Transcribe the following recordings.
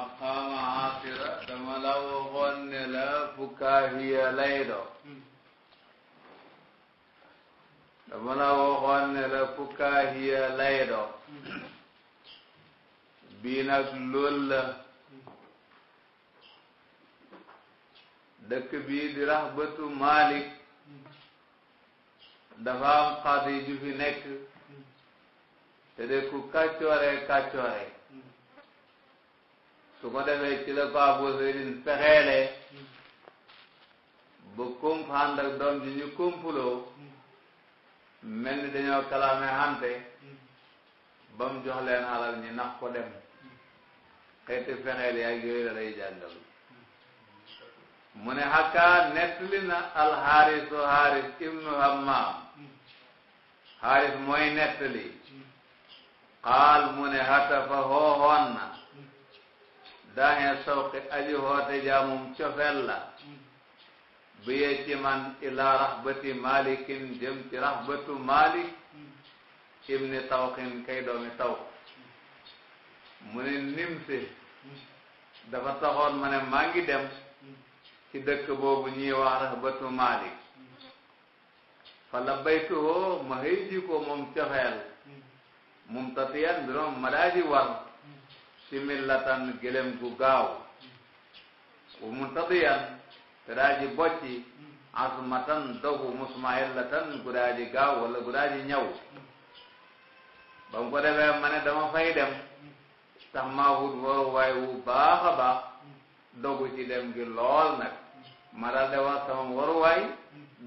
maqaama asira dama la waxoon ne la fukaahiya lay do dama la waxoon ne la fukaahiya lay do bii nag lool la dëkk bii di rahbatu Malik dafa am fi nekk te de ku kàccoore kàccoore su ko defee ci la ko Abu Zaydin fexeele ba kump ànd ak doom ji ñu kumpuloo mel ni dañoo kalaame hante ba mu jox leen alal ñi nax ko dem xeeti fexeel yaag yooyu la lay jàngal mu ne xakkaa nettali na alxaarisu xaaris ibnu hammaam xaaris mooy nettali xaal mu ne xatafa hooxoon na daaxee sawqi aji hoote jaamum cofeel la bu yee ci man ilaa raxbati malikin jëm ci raxbatu malik ibni tawqin kay doomi taw mu ne nimse dafa taxoon ma ne maa ngi dem ci dëkk boobu ñuy wax raxbatu malik fa labbaytuhoo ma hëy ji ko moom cofeel mum tatiyan mbiroom ma daa ji war simillatan gélém gu gaaw wu muntadiyan te daa ji bocci asmatan dogu musmaillatan gu daa ji gaaw wala gu daa ji ñaw ba mu ko defee ma ne dama fay dem tax maa wut waruwaay wu baax a baax dogu ci dem gi lool nag ma daal de wax sama waruwaay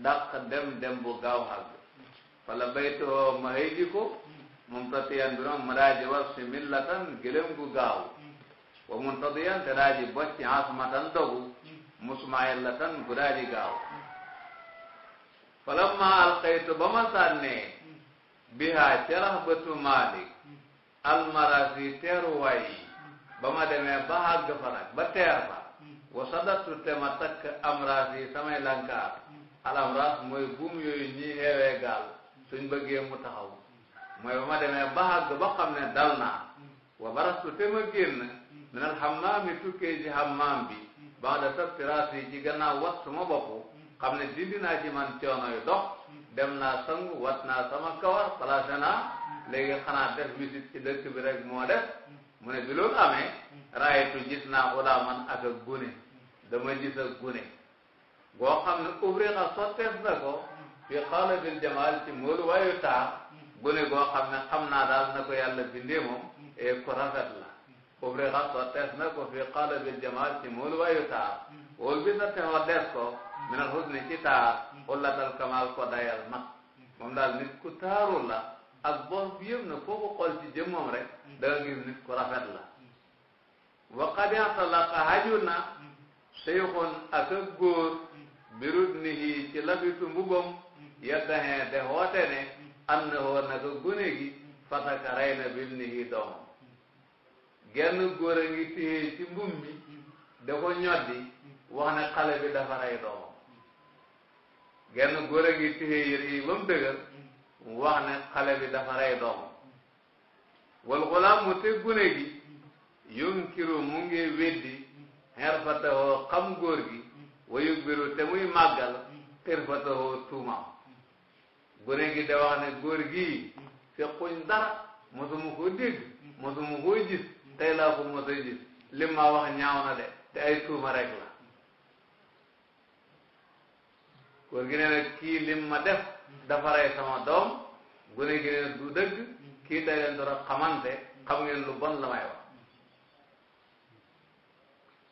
dàq dem dem bu gaaw xal bi fala baytoo ma hëy ko mumtatiyan bi noonu mu daa ji was fi gaaw wa muntadiyan te daa ji bocc asmatan dogu musmailatan gu daa ji gaaw falamma alqaytu ba ma sànnee biha ca rahbatu malik almarasi teeruwaay yi ba ma demee ba àgg farak ba teer wa sadatu te ma takk amras yi samay lankaar alamras mooy buum yooyu ñii xeewee gaal suñ bëggee mu taxaw mooy ba ma demee ba àgg ba xam ne dal naa wa barastu te ma génn minal xammaam yi tukkee ci xammaam bi ba da tabtiraat yi ci gannaaw wat suma bopp xam ne dindi naa ci man coono yu dox dem naa sangu wat naa sama kawar placé naa léegi xanaa def visite ci dëkk bi rek moo def mu ne bi loolu amee raayatu gis naa xudaa man ak ak gune dama gis ak gune goo xam ne ubri na sotteef na ko fi xaalabil jamaal ci moolu waayu taa gone goo xam ne xam naa daal na ko yàlla bindee moom e eh, ko rafet la ubri xasa tees na ko fii xaala bil jamaal ci moolu waayu taar wóolu bi sa texoo dees ko minal xusni ci taar xullatal kamaal ko dayal mag moom daal nit ku taaru la ak boos na foo ko xool ci jëmmam rek da nit ku rafet la waqadianta laqa haju na seyxun ak ak góor birut nihi ci labitu mbubam yeddaxee de xoote ne am na woon naka gune gi fataka rey na bi hi doomam genn góor a ngi téye ci mbum da ko ñoddi wax ne xale bi dafa rey doomam genn góor a ngi téye yére wax ne xale bi dafa rey doomam wal xulaam te gune gi yum kiro mu ngi weddi xer fatahoo xam góor gi wayu biru te muy màggal xir fatahoo tuumaam gure gi de wax ne góor gii fekkuñ dara mosuma koo dégg mosuma koo gis tey laa ko mos a gis ma wax ñaaw na de te ay tuuma rek la góor gi kii lim ma def dafa rey doom gune gi ne du dëgg kii tey leen dara xamante xam ngeen lu bon la may wax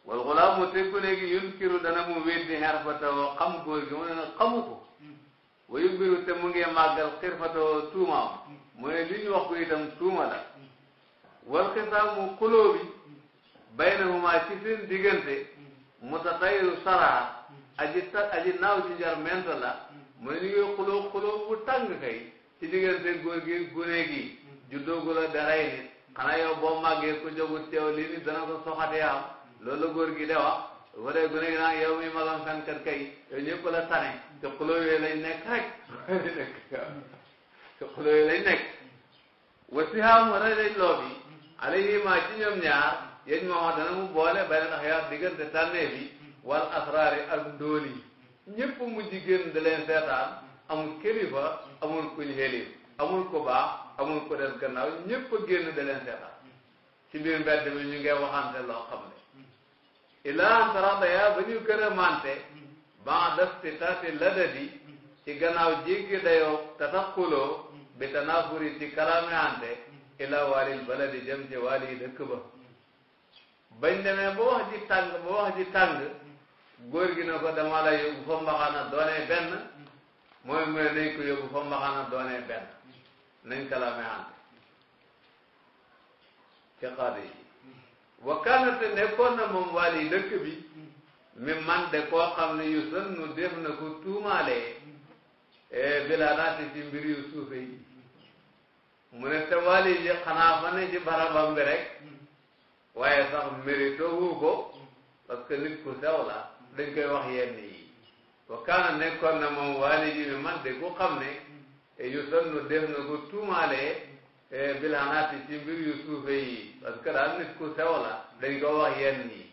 wal xulaamu te gune gi yunkiru dana mu weddi xer fa tawoo xam góor gi mu ne wayu mbiru te mu ngi màggal xirfatoo tuumaam mu ne li ñu wax ko itam tuuma la wal xisaamu xuloo bi baynahuma ci seen diggante mutatayiru saraa aji ta aji naaw ci njar ment la mu ne ñu ngi xuloo xuloo bu tàng ci diggante góor gi gune gi la daray nit xanaa yow boo màggee ku jógut teew lii nit dana ko soxatee am loolu la góor gi de wa wala gune gi naan yow mi magam fenkat kay yow ñëpp la tane te xuloo yooyu lañ nekk rek te xuloo yooyu lañ nekk wasihaamu rajay loobi alayhima ci ñoom ñaar yéen moo dana mu boole bay na xiyaar diggante tànnee bi wal asraari ak ndóol yi ñëpp mu jigéen da amul kilifa amul kuñ xelif amul ku baax amul ku des gannaaw ñëpp génn da leen ci biir mbedd mi ñu ngi waxante loo xam ne ilaa an tarada yaa ba ñu gën a baada sitaati ladadi ci gannaaw jéggi dayoo tataxuloo bi tanafuri ci kalameante ila waalil baladi jëm ci waali dëkk ba bañ demee ba wax ji tàng ba wax ji tàng góor gi ne ko dama la yóbbu fa mbaxana doonee benn mooy mu ne nañ ko yóbbu fa mbaxana doonee benn nañ kalameante ci xaar yi wa kaanate nekkoon na moom waali dëkk bi mi man de koo xam ne yu sën nu def na ko tuumaale e, bila naati ci mbir yu suufe yi mu ne te wali ji xanaa fa ne ci barabam bi rek waaye sax mérito wu ko parce que nit ku sew la dañ koy wax yenn yi wa kaana nekkoon na moom wali ji mi man de ku xam ne e, yu sën nu def na ko tuumaale e, bila naati ci mbir yu suufe yi parce que daal nit ku sew la dañ wax yenn yi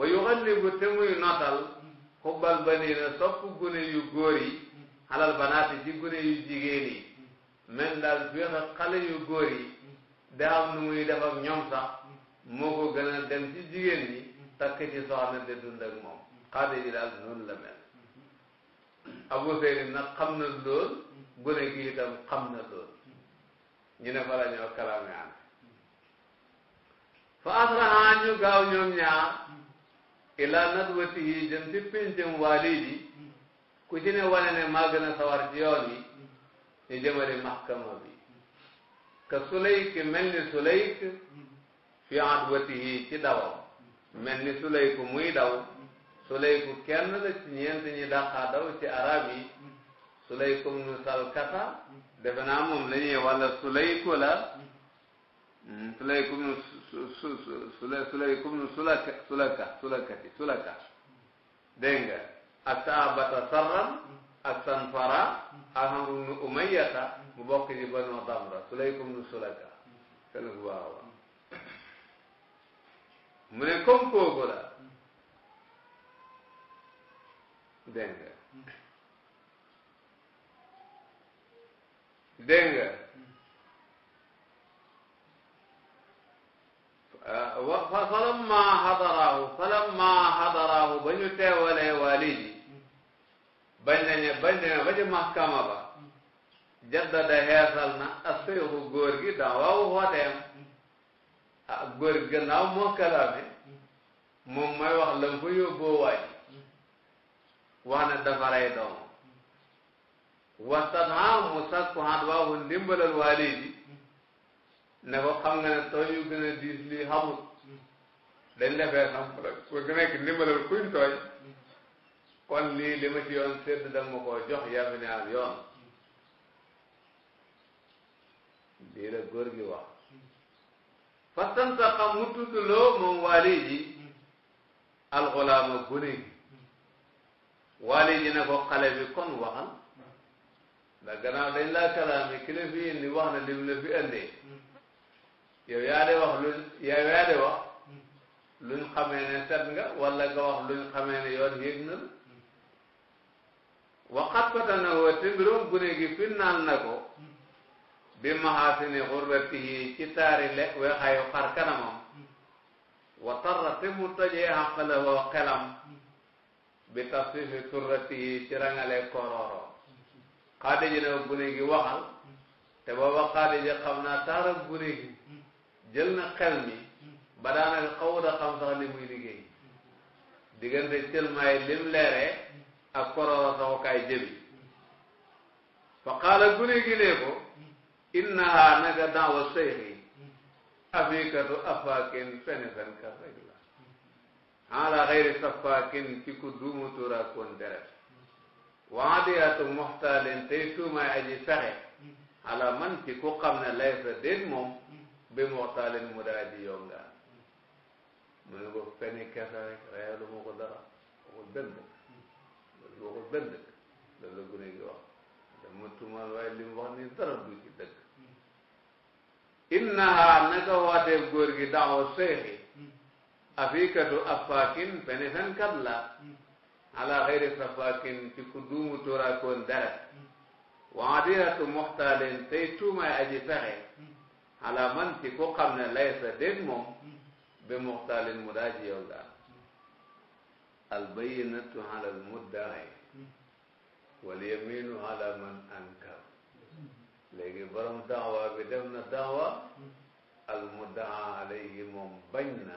wa yuxallibu te muy notal xubbal banina sopp gune yu góor yi xalal banaati ci gune yu jigéen men daal feex a yu góor yi da am nu muy def ak ñoom sax moo dem ci jigéen ñi takk ci soxna de dund ak moom xaade ji daal noonu la mel Abu Seyni nag xam na lool gune gi itam xam na lool ñu ne fa la ñoo fa asraha ñu gaaw ñoom ñaar ilaa nadwatihi jëm ci pincam waalidi ku ci ne wane ne maa gën a sawar ci yoon yi ñu bi ka sulayk mel ni sulayk fi adwatihi ci dawam mel ni sulayku muy daw sulayku kenn la ci ñeent ñi dàqaa daw ci arab yi sulaykum nu salkata defe naa moom la ñuy wala sulayku la hmm, sulaykum nu su su su sula sulay comme sulaka sulaka sulakati sulaka nga ak sanfara ak Amru bnu Umayyata mu bokk ci Banu Damra sulay comme sulaka kenn ku baax a mu ne comme kooku la dégg wa falamma hadaraahu falamma hadaraahu ba ñu teewalee waali ji ba ci mahkama ba jaddada heesal na aseyxu góor gi daa waaw xooteem ah góor gannaaw moom mooy wax lam fa yóbboo waaj wax ne dafa rey doomam wastanaam mu sakku xaat waawu ndimbalal waali ji ne ko xam nga ne tooñ yu gën a diis lii xamut dañ defee samp rek ku nekk ndimbalal kuñ tooñ kon lii li ci yoon sédd da nga ma koo jox yaa ne am yoon lii la góor gi wax fa tantaqa mu tuddloo moom waali ji alxulaama gune gi waali ji ko xale bi kon waxal ndax gannaaw dañ laa kalaami ki fi indi wax na lim la fi indee yow yaa de wax luñ yow yaa de wax luñ xamee ne set nga wala nga wax luñ xamee ne yoon yëg na waxat ko te ne woo te mbirum gune ko bi maxaasini xurbatihi ci taari le weexaayu xar kanamam wa tarra te mu tojee xaqalawoo xelam bi tasifi turratihi ci rangale kororo xaadiji ne gune waxal te booba xaadiji xam naa taara gune jël na xel mi ba daanaka xawut a xam sax li muy liggéey diggante cëlmaay lim leeree ak korora saxukaay jëbi fa qaala gune gi ne ko innaha naka daawa seyxi afikatu afaakin fene fen kat rek la ala safaakin ci ku duumu tuura koon deret waadiyatu moxtaalin tey tuumaay aji fexe ala man ci ku xam ne lay sa déet moom bi moxtaalin mu daa ji mu ne feni kese rek reyalu ma ko dara waxul benn dëkk waxul benn dëkk loolu la li mu wax ni dara du ci dëkk innaha naka waatee góor gi daxoo seexi afikatu afaakin feni fenkat la ala xayri safaakin ci ku duumu tóoraakoon dara waadiyatu moxtaalin tey tuumaay aji fexe ala man ci ku xam ne lay sa dégg moom bi muxtaalin mu daa ci yow daal albayinatu ala almuddaay wal yaminu ala man ankar léegi borom daawa bi def na daawa almuddaa alayhi moom bañ na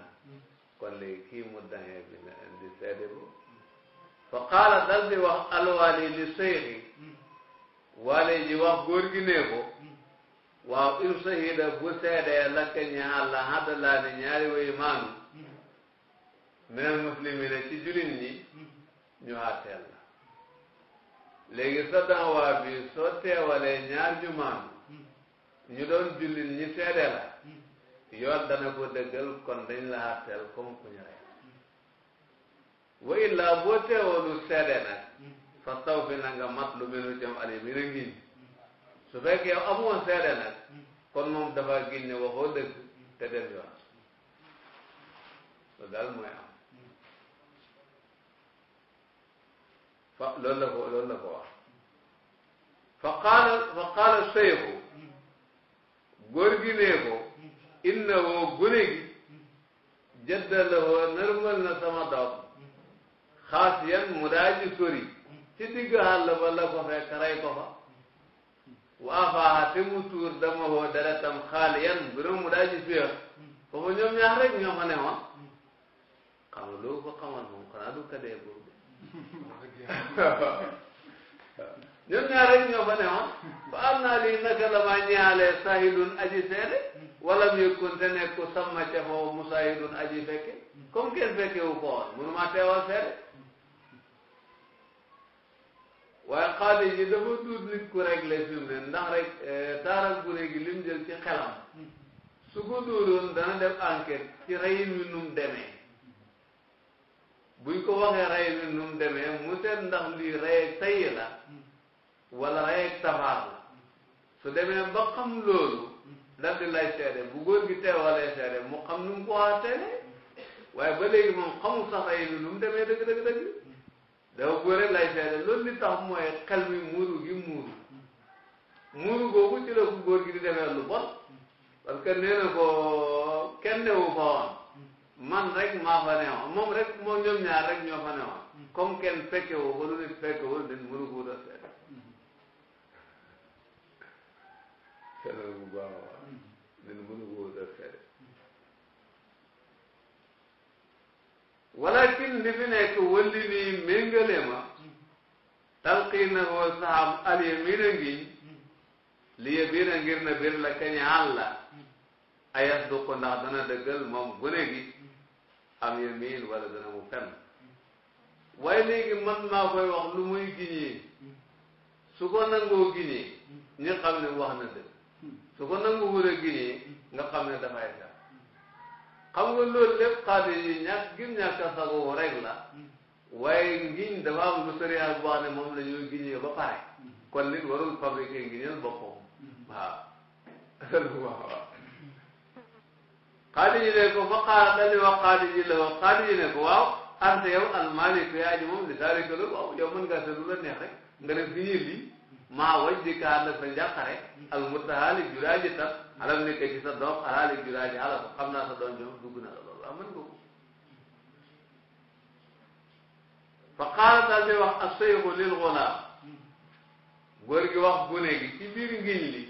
kon léegi kii muddaay bi na indi seede bu fa qaala dal di wax alwaali li seyxi waale ji wax góor gi nee ko waaw il sahida bu seedee lakk ñaar la xaddalaa ni ñaari way maanu mm-hmm. minal muslimina ci julin ñi mm-hmm. ñu àtteel la léegi sa danwaa bi soo teewalee ñaar ñu maanu mm-hmm. ñu doon julin ñi seede la yoon dana ko dëggal kon dañ la àtteel comme ku ñu rey wa illaa boo teewalu seede nag fa taw bi na nga mat lu melu jëm ale mi su fekkee amoon seede nag kon moom dafa giñ ne waxoo dëgg te def yoon loolu la ko loolu la ko wax fa inna woo gune gi la woo nërmal na sama doom xaas mu daa ji sori ci digg àll ba ko fekk rey ko fa waa faa te mu tuur dama woo deretam xaaliyan mbirum mu daal di suya foofu ñoom ñaar rek ñoo fa ne woon xam nga loo ko xamal moom xanaa du kadee boobu ñoom ñaar rek ñoo fa ne woon fa naa lii naka la maa ñaalee sahilun aji seede wala mu yëkkun te nekku sama ca foofu musaahidun aji fekke comme kenn fekke wu ko woon mënuma teewal seede waaye xaalis yi dafa duut nit ku réglé fi mu ne ndax rek taaral eh, gune gi lim jël ci xelam su ko dóoroon dana def enquête ci reyin wi demee buñ ko waxee reyin wi mu demee mu seet ndax lii reyeeg tay la wala reyeeg tafaar la su demee ba xam loolu daf di lay seede bu góor gi teewalee seede mu xam nu ko waxee teele waaye ba léegi moom xamul sax reyin wi demee dëgg dëgg dëgg dafa góor rek lay seede loolu li tax mooy xel mi muuru gi muuru muuru googu ci la ku góor gi di demee lu bon parce que nee na ko kenn newu fa woon man rek maa fa ne woon moom rek moom ñoom ñaar rek ñoo fa ne woon comme kenn fekke wu ko lu nit fekke wu nit muuru gu da seede seede bu baax nit muuru walakin li fi nekk wëlli nii méngale ma talqiina woo saxam alyamina ngiñ li yabina ngir na bir la kañi àlla ayas du ko ndax dana dëggal moom gune gi am yamin wala dana mu fenn waaye léegi man maa koy wax lu muy giñee su ko nangoo giñee ñi xam ne wax na dëgg su ko nangu wul a giñee nga xam ne dafay sax xam nga loolu lépp xaadir yi ñàkk gim ñàkk a sagoo rek la waaye ngiñ dafa am matériel boo xam ne moom la ñuy giñee pare kon nit warul fabriqué ngiñal boppam waaw waaw xaadir yi ne ko fa xaar dañu wax xaadir yi la wax xaadir yi ne ko waaw ante yow almalik yaa ji moom di saalika loolu waaw yow mën ngaa seet lu la neex rek nga def fi sa njàqare al mutahali juraaji tax alal nekk ci sa doom alaali julaay bi alal naa sa doom jom dugg na la loolu amuñ ko fa xaaral daal di wax asayxu lil xulaam góor gi wax gune gi ci biir ngiñ li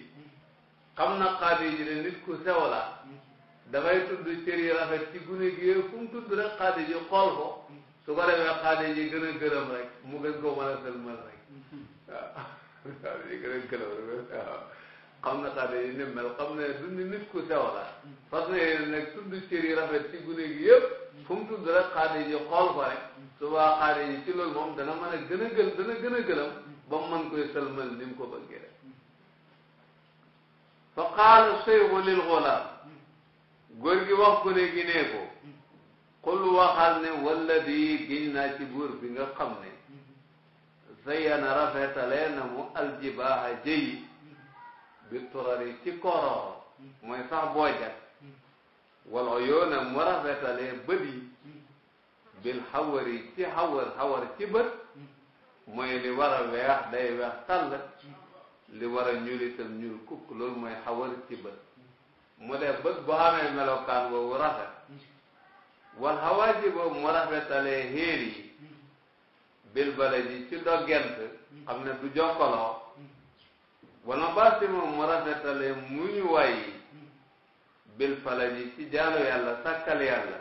na xaadi ji ne nit ku sew la dafay tudd cër yi ci gune gi yooyu fu mu tudd rek xaadi ji xool ko su ko defee xaadi ji gën a gërëm mu gën ko mën a sëlmal rek waaw xaadi ji gën a xam na xale yi ni mel xam e e ne dundi e nit ku sew la parce que nag tudd cër yi rafet ci gune gi yëpp fu mu tudd rek xale yi xool ko rek subaa xale yi ci loolu moom dana mën a gën a gël dana gën a gëlam ba mu mën koy sëlmal ni mu ko bëggee rek fa qaal seyxu lil xulaam góor gi wax gune gi nee ko xul waxal ne wala di giñ naa ci buur bi nga xam ne zayana rafetalee na mu aljibaaha jëyi bi turari ci kooroo mm. mooy sax boojat mm. wala yoona mu rafetalee bët yi mm. bil xawari ci xawar xawar ci bët mooy li war a weex day weex tàll li war a ñuul itam ñuul mooy xawar ci bët mu def bët boo xamee melokaan boobu rafet wal xawaaji boobu mu rafetalee xéer yi bil bala ci doggent xam ne du jokkaloo wana baasi moom mu rafetale muy waay bil falaji ci jaalu yàlla sàkkal yàlla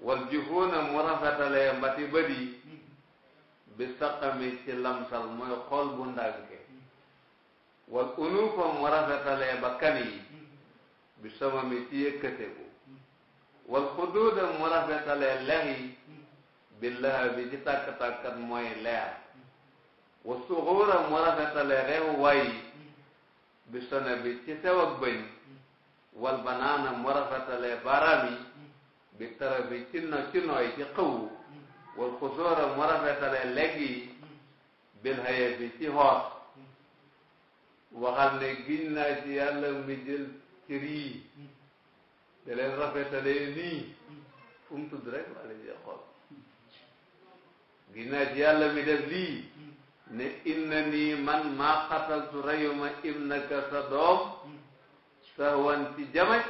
wal juhuuna mu rafetale mbati badi bi saqami ci lamsal mooy xool bu ndànke wal unuufa mu rafetale bakkan yi bi samami ci yëkkateku wal xuduuda mu rafetale lex yi bi laha bi ci tàkk-tàkkat mooy leer wasu xuura mu rafetale reew way bi sone bi ci sew ak bëñ wal banaana mu rafetale baaraam yi bi tara bi ci no ci nooy ci xëwu wal xusoora mu rafetale legg yi bil haye bi ci xoos waxal ne giñ naa ci yàlla mi jël cër yi da leen rafetale nii fu mu tudd rek wala jee xool giñ naa ci yàlla mi def lii ne inna nii man maa xataltu rayuma ibnaka sa doom sahwan ci jamaj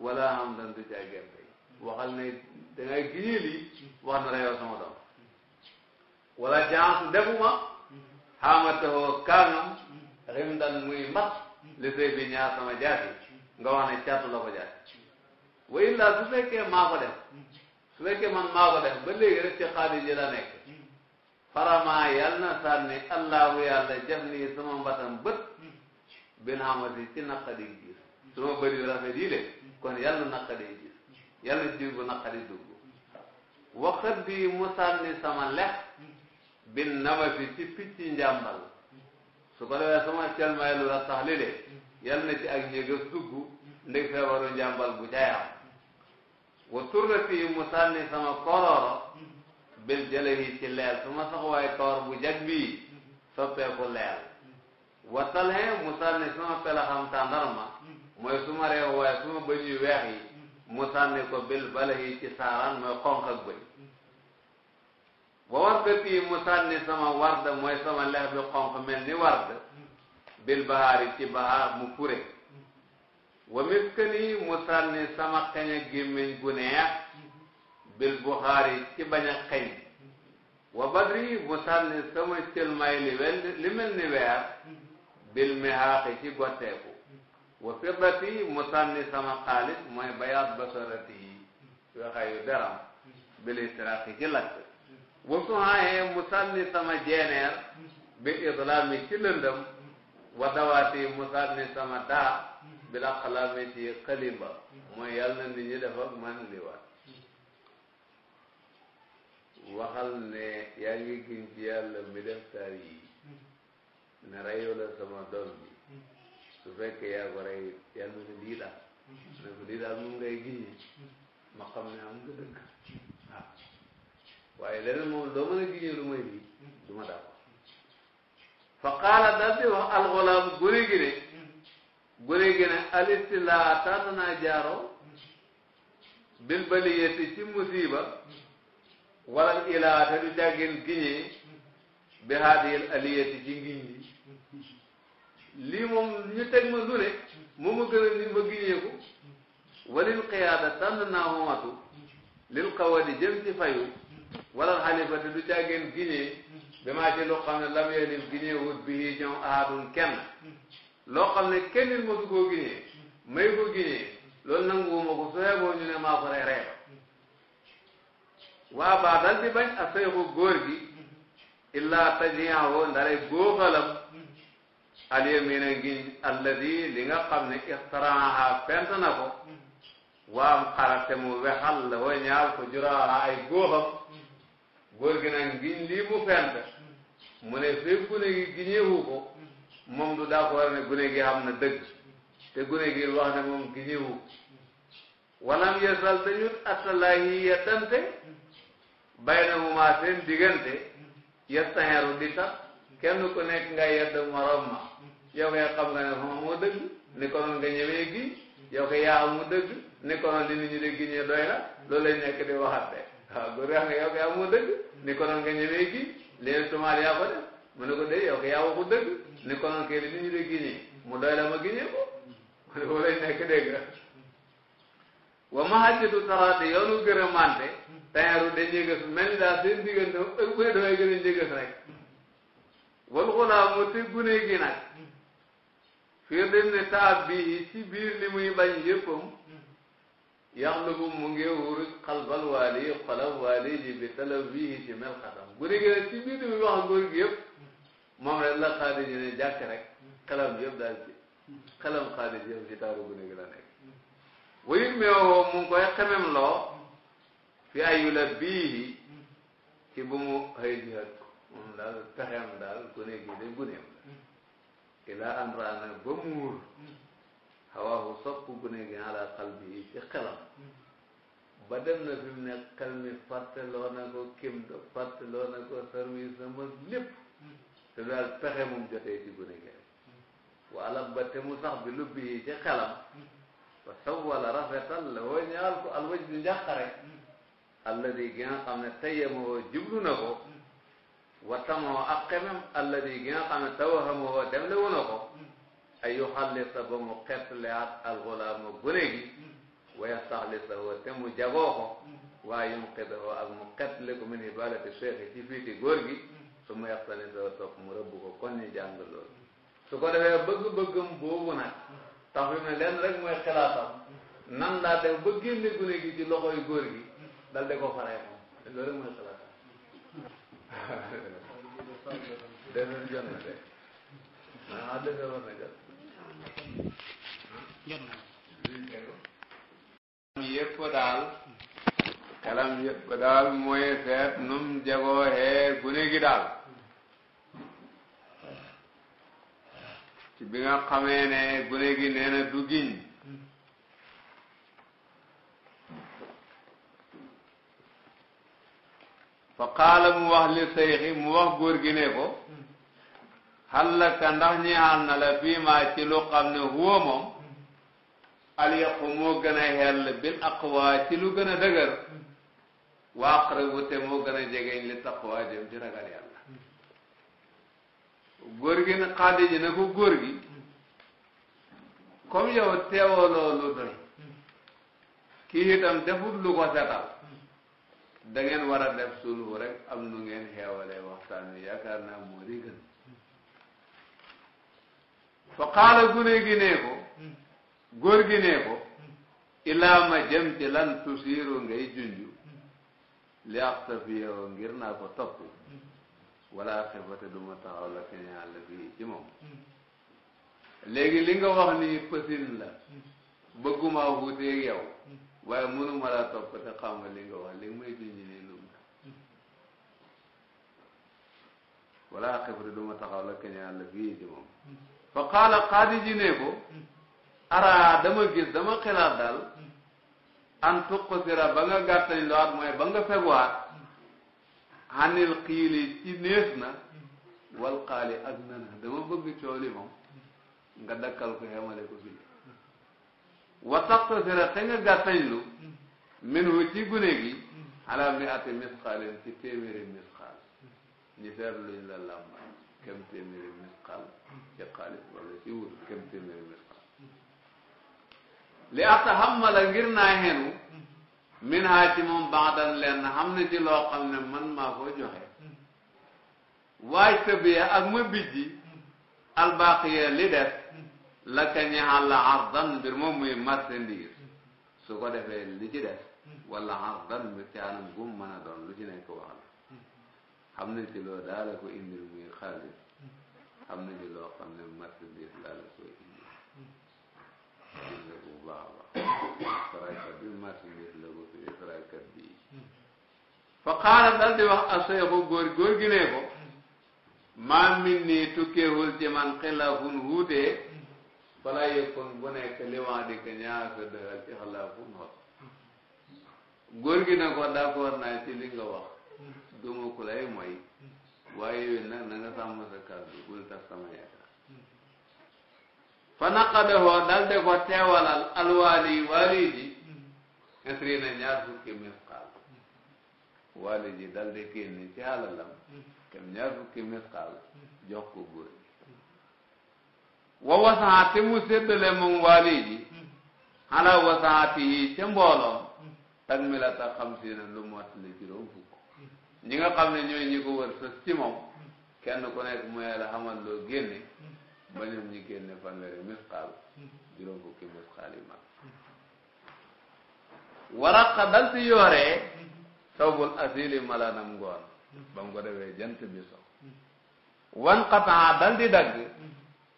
wala hamdan du jaageen tey waxal ne dangay giñee lii wax na rayoo sama doom wala jaansu defuma xaamatahoo kaangam ximdan muy mat li sëy bi ñaar sama jaati nga wax ne caatu la ko jaati wa illaa su fekkee maa ko su fekkee man maa ko ba léegi rek ci xaalis yi la nekk xaramaa yal na sànni allahu yàlla jaf nii sama mbatam bët bin xamati ci naqadi gis suma bëri rafet le kon yal na naqadi gis yal na jiw bu naqadi dugg waxat bi mu sànni sama lex bin namati ci picc njàmbal su ko defee sama calmaay lu la tax li le yal na ci ak njëgas dugg ndeg feebaru njàmbal bu jaayam wa turrati mu sànni sama kororo bil jëlahi ci leel su ma saxuwaay toor bu jag bii soppeeku leel watal he mu sànni suma pelaxam tàndarma mooy su ma reew waaye su ma bëñ weex yi mu sànni ko bil balahi ci saaraan mooy xonq ak bëñ wa wardatii mu sànni sama warda mooy sama lex bi xonq mel ni warda bil bahaar yi ci bahaar mu kure wa miskani mu sànni sama xeñ a gémmiñ gu neex bil buxaari ci bañ a xeñ wa badri bu sànni sama cëlmaay li mel li mel ni weer bil mihaaqi ci gotteeku wa fiddati mu sànni sama xaalis mooy bayaat basarati yi waxayu deram bil itraaqi ci lakk wa suhaayee mu sànni sama jeeneer bi islaami ci lëndëm wa dawaati mu sànni sama daa bil aqlaami ci xalimba mooy yàlla na nit ñi def ak man liwaat waxal ne yaa ngi giñ ci mi def taar yi mm-hmm. ne reyu la sama doom bi mm-hmm. su fekkee yaa ko rey yàlla na lii daal mm-hmm. ne ko lii daal moom ngay giñee ma xam ne am nga dëgg waaw waaye leneen moom doo mën a may lii du ma daa ko fa qaala daal di wax alxulaam gune gi ne gune gi ne alistilaa naa jaaro bil baliyati ci musiba walal ilaa te du jàggin giñee bi haadihil aliyati ci ngiñ li lii moom ñu teg ma lu ne moo ma gën a ni ma giñee ko walil qiyaada tànn naa momatu lil qawadi jëm ci fayu walal xalifa te du jàggin giñee bi maa ci loo xam ne lam yelim giñee bi yi ñoom ahadun kenn loo xam ne kenn nit ma du koo giñee may ko giñee loolu nanguwuma ko su xeeboo ñu ne maa ko rey rey waa baa dal di bañ a sayxu góor gi illaa tajiyaahu ndaray góoxalam alyamina ngi alladi li nga xam ne ixtaraaha fent na ko waam xarate mu wexal la wa ñaal ko juraaha ay góoxam góor gi nag ngiñ lii mu fent mu ne fépp gune gi giñeewu ko moom du d'accord ne gune gi am na dëgg te gune gi wax ne moom giñeewu walam yesal dañut attalahiyatante baynahuma seen diggante yastaheru di tax kenn ku nekk nga yedd morom ma yow kay xam nga ne moom moo dëgg ni ko noon nga ñëwee gi yow kay yaa amu dëgg ni ko noon li nit ñi de giñee doy na loolu lañ nekk di waxatte waaw góor yaa nga yow kay amu dëgg ni ko noon nga ñëwee gi léegi tumaal yaa ko def mu ne ko dee yow kay yaa waxu dëgg ni ko noon kay li nit ñi de giñee mu doy la ma giñee ko loolu lañ nekk dégg wa mahajjatu taraati yoonu gërëmante tayaaru de njëgës mel ni daal seen diggante ak rek wal mu te gune gi nag fiir dem ne bii ci biir li muy bañ yëppam yaxlubu mu ngi wuru xalbal waali xolab waali ji bi talaw bii mel xatam gune gi nag ci biir li muy wax gi yëpp moom la xaadi ji ne jàkk rek xelam yëpp daal ci xelam xaadi ji yëpp ci taaru gune gi nekk wuyu meewoo mu ngi koy xemem loo fi ay yulabbihi ci bu mu xëy jihaat ko moom daal pexeem daal gune gi de guneem la ilaa an raana ba muur xawaahu sopp gune gi ala qalbi ci xelam ba dem na fi mu ne xel mi fàttaloo na ko kim do fàttaloo na ko service sama lépp te daal pexe moom jotee ci gune gi wala ba te mu sax bi lubbi yi ci xelam ba sawwala rafetal la woo ñaal ko alwaj di njàqare alladi gi nga xam ne tayyamoo jublu na ko wa tamoo ak xemem alladi gi nga xam ne tawahamoo demle wu na ko ay yu xallisa ba mu xetle ak alxulaama gune gi wa yastaxlisa wa te mu jagoo ko waaye yunqidoo ak mu xetle ko min hibalati cheikh ci fiiti góor gi su ma yaxtalisa wa topp mu rëbb ko kon ñu jàng loolu su ko defee bëgg-bëggam boobu nag tax fi mu ne leen rek mooy xalaatam nan laa def ba génne gune gi ci loxoy góor gi dal daal xelam yëpp daal mooy seet num jagoo xee gune gi daal ci bi nga xamee ne gune gi nee na du giñ fa qaala mu wax li sayxi mu wax góor gi ne ko xallaka ndax ñeexal na la fii maa ci lu xam ne huwa moom alyaqu moo gën a xell bil aqwa ci lu gën a dëgër wa aqrabu te moo gën a jegeñ li taqwa jëm ci ragal yàlla góor gi ne xaadi ji ko góor gi comme yow teewoo loolu doy kii itam defut lu ko setal dangeen war a def sulhu rek am nu ngeen xeewalee waxtaan wi yaakaar naa moo di gën fa qaala gune gi nee ko hmm. góor gi nee ko hmm. ilaa ma jëm ci lan tusiiru ngay junju hmm. li axtafiyahu ngir naa ko topp wala xifate duma taxaw la kenn yàlla fii ci moom léegi li nga wax ni pësin la bëgguma wuuteeg yow waaye mënu ma laa topp te xam nga li nga wax li nga may junj nii lu mu du ma taxaw la kañ yàlla bii ci moom fa qaala xaadi ji ko ara dama gis dama xilaat daal an tuqsira ba nga gàttali lowaat mooy ba nga fegwaat xanil xiili ci nees na wal xaali ak nana dama bëgg cooli moom nga dakkal ko xemale ko suñu wasax to sera xëy nga gàttañ lu minu ci gune gi ala mi ati misqaalin ci téeméeri misqaal ñu seet luñ la làmbaay kem téeméeri misqaal ci xaalis wala ci wut kem téeméeri misqaal li atahammala ngir naa xenu min haa ci moom baadan leen na xam ne ci loo xam ne man maa ko joxe waaye tabiya ak ma bijji albaaqiya li def lakka ñaxal la ardan mbir moom muy marchandise su ko li ci des wala ardan mbir ci anam gum mën a lu ci nekk wax la xam na loo daala ko indil muy xaalis xam na ci loo xam ne marchandise daala ko indil dina bu baax a baax saraykat bi marchandise la ko fi saraykat bi fa xaaral dal di wax aseexu góor góor gi ne ko maa min nii tukkeewul ci man xilafun wuutee balaa yëkkoon bu nekk limaa di ka ñaar ko dëgal ci xalaa fu noot góor gi ne ko d'accord naa ci li wax duma ku lay mooy waaye yooyu nag na nga sàmm sa kàddu bul tax sama yaakaar fa naqadahoo dal de ko teewalal alwaali waali ji insri na ñaar fukki misqaal waali ji dal de génne ci alalam kam ñaar fukki misqaal jox ko góor wa wasaxa te mu séddale moom waali ji xanaa wasaxaati yi ca mbooloo tag mi la tax xam si ne lu mottali juróom fukk ñi nga xam ne ñooy ñi ko wër sës ci moom kenn ku nekk mu la xamal loo génne ba ñoom ñi génne fanweeri misqaal juróom fukki misqaal yi mag waraqa dal di yooree sawbul asili malaanam ngoon ba mu ko defee jant bi so wan qataa dal di dagg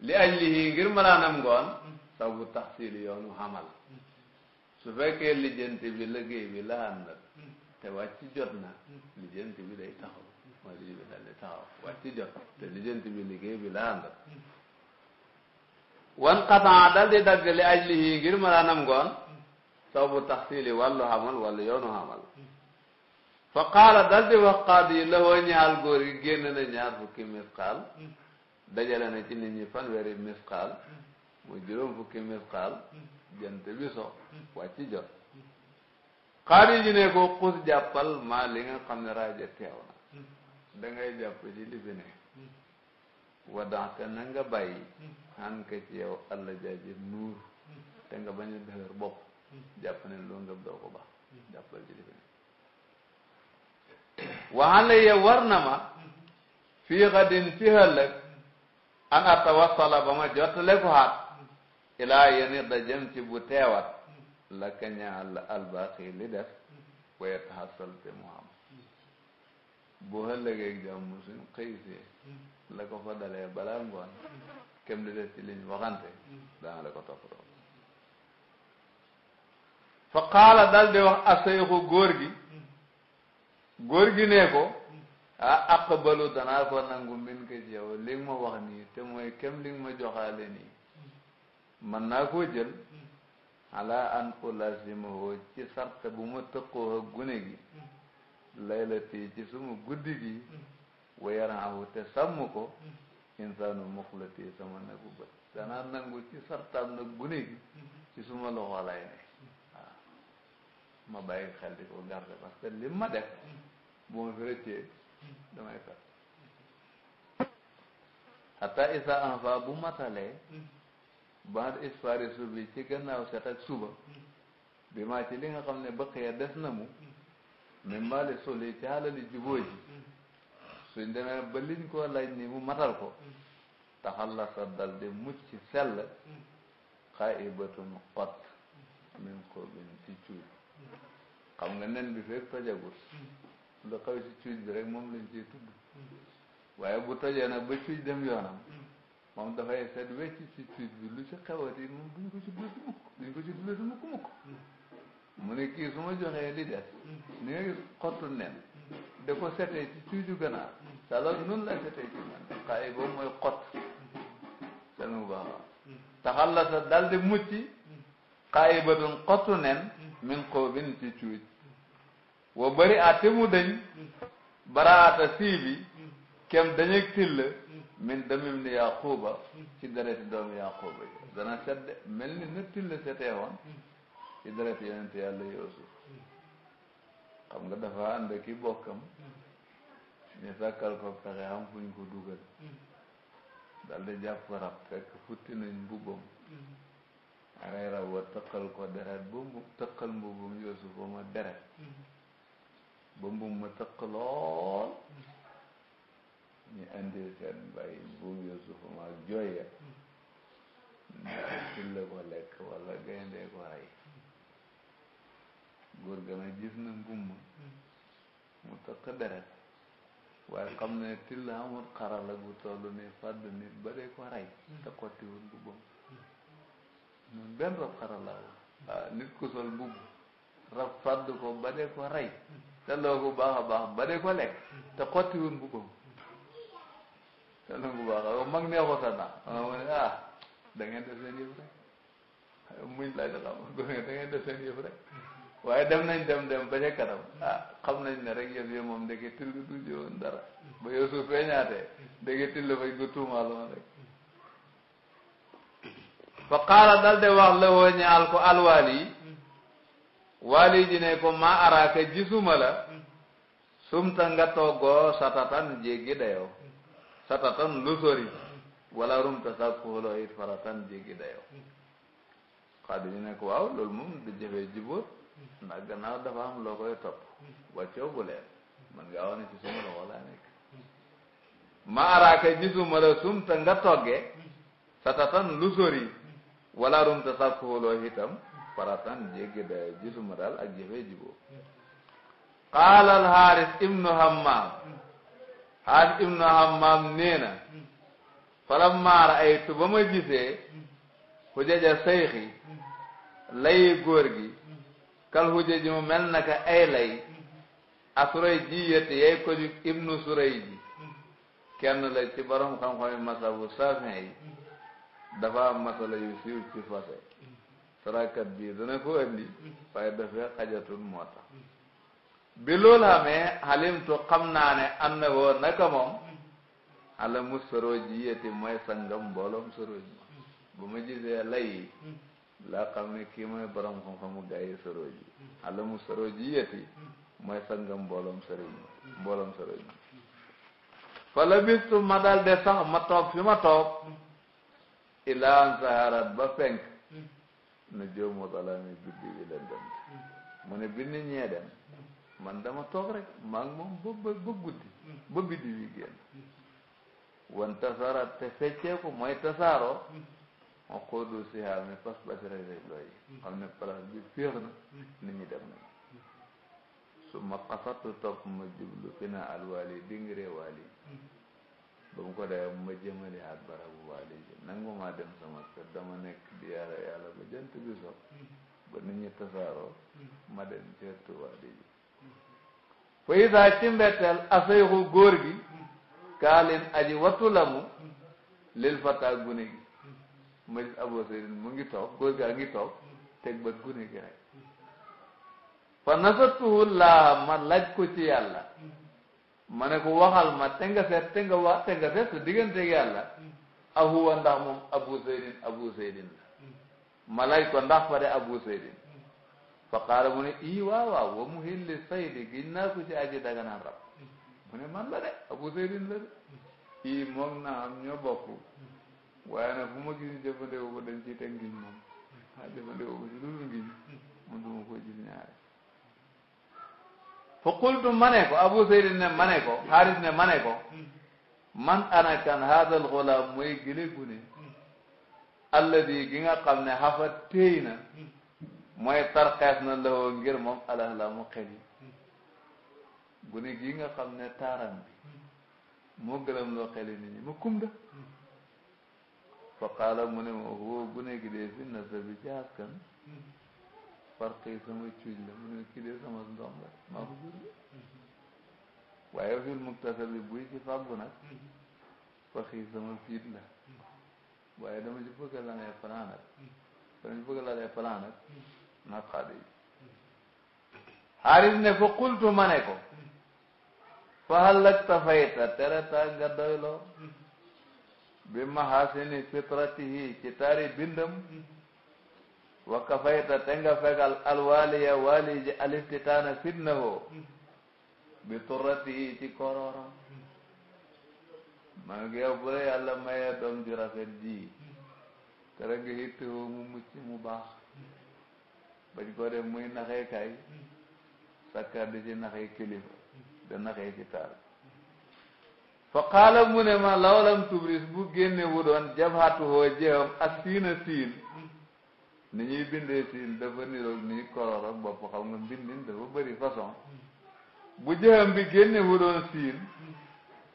li ajlihi ngir malaanam ngoon sabu taxsil yoonu xamal su fekkee lijjanti bi liggéey bi lahan na te wàcc jot na lijjanti bi yi taxaw mooy jot te lijjanti bi liggéey bi lahan wan xataa dal di dagg li ajlihi ngir malaanam ngoon sabu taxsili wàllu xamal wala yoonu xamal fa qaala dal di wax qaadi la woo ñaal góor gi génn na ñaar fukki misqaal dajale na ci nit ñi fanweeri misqaal muy juróom fukki misqaal jant bi so jot xaari ko xus jàppal maa li nga xam ne raaja teew na da ngay jàpp ci li fi ne wadante na nga bàyyi xan nuur te nga bañ a dëgër bopp jàpp ne loo ngëm doo ko baax jàppal ci fi ne ci ëllëg an atawassala ba ma jottale ko xaat ilaa yéen da jëm bu teewat la ka ñaal albaqi li def waaye taxasal te mu am bu ëllëgee jàmm suñ xëy see la ko fa dalee balaa ngoon kem li def ci liñ waxante daana la ko toppatoo fa qaala dal di wax asayxu góor gi góor gi ko ah aqbalu danaa ko nangu min ka ci yow li ma wax nii te mooy kem li ma joxaale nii man naa koo jël ala an ulazimahu ci sart bu ma tëqoo ak gune gi laylati ci suma guddi gi wa yarahu te sàmm ko insaanu muxlati sama nagu bët danaa nangu ci sartaam nag gune gi ci suma loxo lay ne waaw ah, ma bàyyi xel di ko garde parce que ma def bu ma fi rëccee damay fàtt xataa isa enfa bu matalee bant ispaari subi ci gannaaw set ak suba bi maa ci li nga xam ne baqiya des na mu mais mali soli ci xalali jubóo ji suñ demee ba liñ koo ni mu matal ko taxallasa dal di mucc sell xaibatun xot min ko bin ci cuuj xam nga nen bi fekk tojagut lu xew ci cuuj bi rek moom lañ ciy tudd waaye bu tojee nag ba cuuj dem yoonam moom dafay seet wecc ci cuuj bi lu ci xewati moom duñ ko ci dullati mukk duñ mukk mukk mu ne kii su ma joxee li des ni nga gis xottu da ko setee ci cuuju ganaar salo nun la setee ci man xaay boobu mooy xott seen mu baax taxal la sa daldi mucc xaay ba doon xottu nen min ko bin ci cuuj wa bëri àtte mu dañ baraata siibi kem dañeg tilla min damim ni yaquba ci dereti doomu yaquba yi dana sedde mel ni na tilla nga dafa ànd bokkam ñu sàkkal ko pexe xam fuñ ko dugal dal di ko rab fekk futti mbubbam aray rab wa tëqal ko deret ba mbubbam yoosuf ba deret ba mbuum ma tëq lool ñu indi seen mbay buum Yuusufa ma ak jooy ya la ko lekk wala gaynde ko rey góor ga nag gis na mbuum ma mu tëq deret waaye xam ne till amul xarala gu toll ni fàdd nit ba dee ko rey te xottiwul mbubbam mun benn rab xarala nit ku sol mbubb rab fàdd ko ba dee ko rey delloo bu baax a baax ba de ko lekk te xotti wun bu ko delloo bu baax a mag nee xota naa xanaa ma ne ah da ngeen def seen yëf rek muñ laa jox am da ngeen def seen rek waaye dem nañ dem dem ba ca kanam ah xam nañ ne rek yëf yi moom ndeke til du jëwoon dara ba yow su feeñaatee ndeke til la bañ ko tuumaal ma rek fa qaala dal de wax la woo ñaal ko alwaali waali ji ne ko maa araaka gisuma la sumta nga toggoo satatan jéggi dayoo satatan lu sori wala rumta sàkkuuloo it faratan jéggi dayoo xaadi ñu ne ko waaw loolu moom du jëfee jubóot ndax gannaaw dafa am loo koy topp wàccoo man ngaa wane ci suma la wala nekk maa araaka gisuma la sumta nga togge satatan lu sori wala rumta sàkkuuloo itam farataan jéggi dayo gisuma daal ak jëfee jiboo qaala al haaris ibnu hammam haaris ibnu hammam nee na falamma raaytu ba ma gisee hujaja sayxi layi góor gi kal hujaji mu mel naka ay lay asuray ji yette yay ko jug ibnu suray ji kenn la ci borom xam-xam yi masabu safin yi dafa am masala yu siiw ci fase sarakat bii dana ko andi waaye dafay xajatul moo tax bi loolu xamee xalimtu xam naa ne am na woo naka moom alamu soroji yeti mooy sangam mbooloom soroji bu ma gisee lay laa xam ne kii mooy borom xam-xamu gaa yi soroji alamu soroji yeti mooy sangam mbooloom soroji mbooloom soroji fa la bistu ma dal de sax ma toog fi ma toog ilaan saharat ba penk nu joomu dalami guddi gi leen mu ne bi nit ñee dem man dama toog rek maa ngi moom ba ba guddi ba biddi wi génn wan tasaara te fecceeku mooy tasaaroo ma xóodu si haa pas basi rek lay doy xam ne bi féex na nit ñi dem nañ su topp ma jublu fi naa alwaali dingiree waali ba mu ko dee ma jëmale at barabu waali ji nangu maa dem sama kër dama nekk di yàlla ba jant bi so ba nit ñi tasaaroo ma dem seetu waali ji fa isaa ci mbetteel asayxu góor gi aji wattu la lil fataa gune gi ma gis aboo seydin mu ngi toog góor gaa ngi toog teg bët gune gi rek fa nasatuhu laaj ko ci yàlla ma ne ko waxal ma te nga seet te nga wax te nga seet sa digganteeg yàlla ahuwa ndax moom abu seydin abu seydin la ma ko ndax fa de abu seydin fa qaala mu ne ii waaw waaw wa mu hilli saydi giñ naa ko ci aji daga rab mu ne man la de abu seydin la de ii moom naa am ñoo bokk waaye fu ma gis jëfandikoo ko dañ ciy teg ngiñ moom ah jëfandikoo ko ci loolu ngiñ man du ko gis ñaare fa qultu ma ne ko Abu Zayd ne ma ne ko Haris ne ma ne ko man ana kan haadal xulaam mooy gële gune alladi gi nga xam ne hafa téy na mooy tarxees na lawoo ngir moom alahla mu xel gune gi nga xam ne taaram bi moo gëlam loo xeli nit ñi ma kumda fa qaala mu ne gune gi dee fi nasabi ci farq yi sama cuuj la mu ne kii de sama ndoom la maa ko jur waaye fil muktasab bi yi sama fiit la waaye dama ci la nee plan nag dama ci bëgg la nee plan ne fa qultu ma ko fa halak tafayta tere ta nga doyloo bi mahasini fitratihi ci taari wa kafayta te nga fegal alwaaliya waali ji aliftitaana fitna woo bi turrati ci korooram maa ngi yow bu la doom ju rafet ji te rek nga ittewoo mu mucc mu baax bañ ko def muy naxee kay sakkar di ci naxee kilifa da naxee ci fa qaala mu ne ma lawlam tubris bu génne wu doon jabhatuhoo jëxam ak siin a siin ni bindee siin dafa niroog nii koror ak bopp xam nga mbindin dafa bëri façon bu jëxam bi génne wu doon siin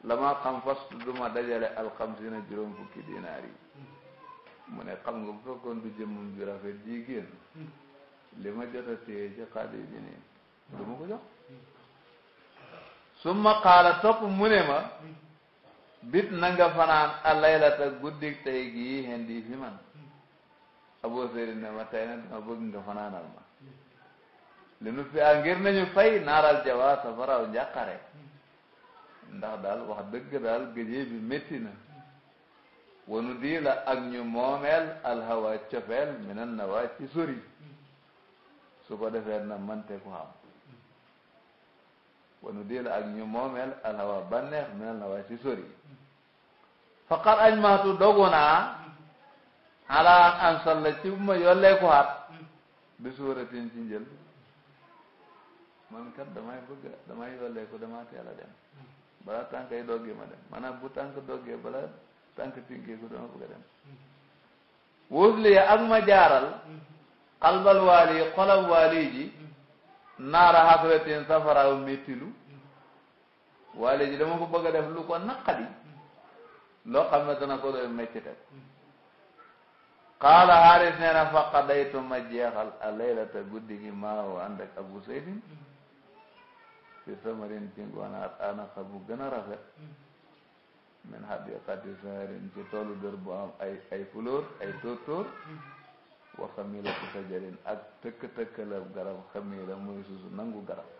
la ma xam fas duma dajale alxamsina juróom fukki dinaar yi mu ne xam nga bu fekkoon du jëmmum ju rafet ji génn li ma jot a téye ci xaalis bi nii du ma ko jox ma xaala topp mu ma bit nanga fanaan a laylata guddik tey gii hendi fi man Abu Seydin ne ma tey nag dama bëgg nga fanaanal ma li nu fi a ngir nañu fay naaral jawa safaraaw njàqare ndax daal wax dëgg daal géjee bi na wanu dii la ak ñu moomeel alhawa cofeel minan na waa ci sori su ko defee na mante ku xam wanu dii la ak ñu moomeel alhawa banneex minan na waa ci sori faqat añ maatu dogu naa xalaa ansal la ci bu ma yollee ko xaat bi suuratin ci njël man kat damay bëgg damay yollee ko dama teel dem balaa tànk yi doggee ma dem maanaam bu tànk doggee balaa tànk tinkee ko dama bëgg a dem wóorlu ak ma jaaral xalbal waali xolab waali ji naara xasratin safaraaw méttilu waali ji dama ko bëgg a lu ko naqadi loo xam ne ko doy métti teg qaala xaaris nee na fa qadaytu ma jeexal a laylata guddi gi maawo ànd ak abu seydin fi samarin ci ngoonaat anaqa bu gën a rafet min xadiqati saharin ci toolu dër bu am ay ay fleur ay tóortóor wa xamilatu sajarin ak tëkk-tëkkalab garab xamila muy susu nangu garab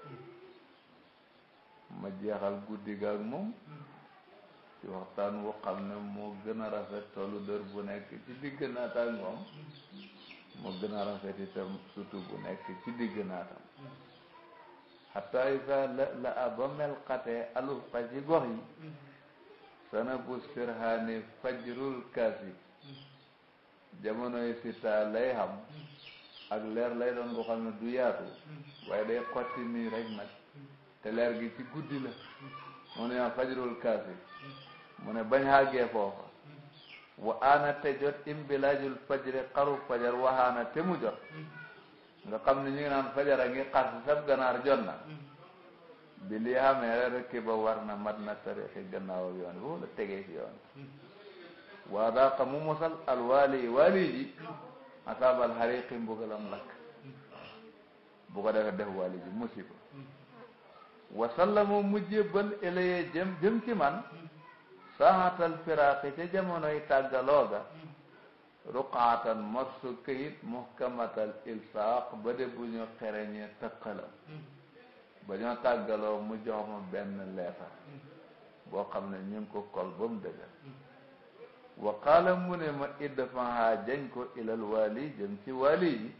ma jeexal guddi gaag moom ci waxtaan wu xam ne moo gën a rafet tollu dër bu nekk ci digg naata ak moo gën a rafet itam surtout bu nekk ci digg naatam xataa isa la la a mel xatee aluf xa ci gox yi sana bu sirhaani fajrul kaasi jamonoy sita lay xam ak leer lay doon ko xam ne du yaatu waaye day xotti nii rek nag te leer gi ci guddi la moo ne fajrul kaasi mu ne bañ xàggee foofa wa aana te jot imbilajul fajri xaru fajar waxaana te mu jot nga xam ne ñu naan fajar a ngi xar si sab ganaar jot na bi li xamee rek war na mat na tarixi gannaaw ak yoon boobu la tegee ci yoon waa daaqa mu mosal al waali waali ji asaabal xariqi mbugalam lakk bu ko defee def waali ji musiba wasallamu mu jébbal ilayee jëm jëm ci man saaxatal firaaqi ca jamonoy tàggalooga ruqaatan morsu këyit muhkamatal ilsaaq ba de bu ñu xereñee tëqala ba ñoo tàggaloo mu jox ma benn boo xam ne ñu ko kol ba mu dëgër wa qaala mu ne ma idfaha jañ ko ilal waali jëm ci waali yi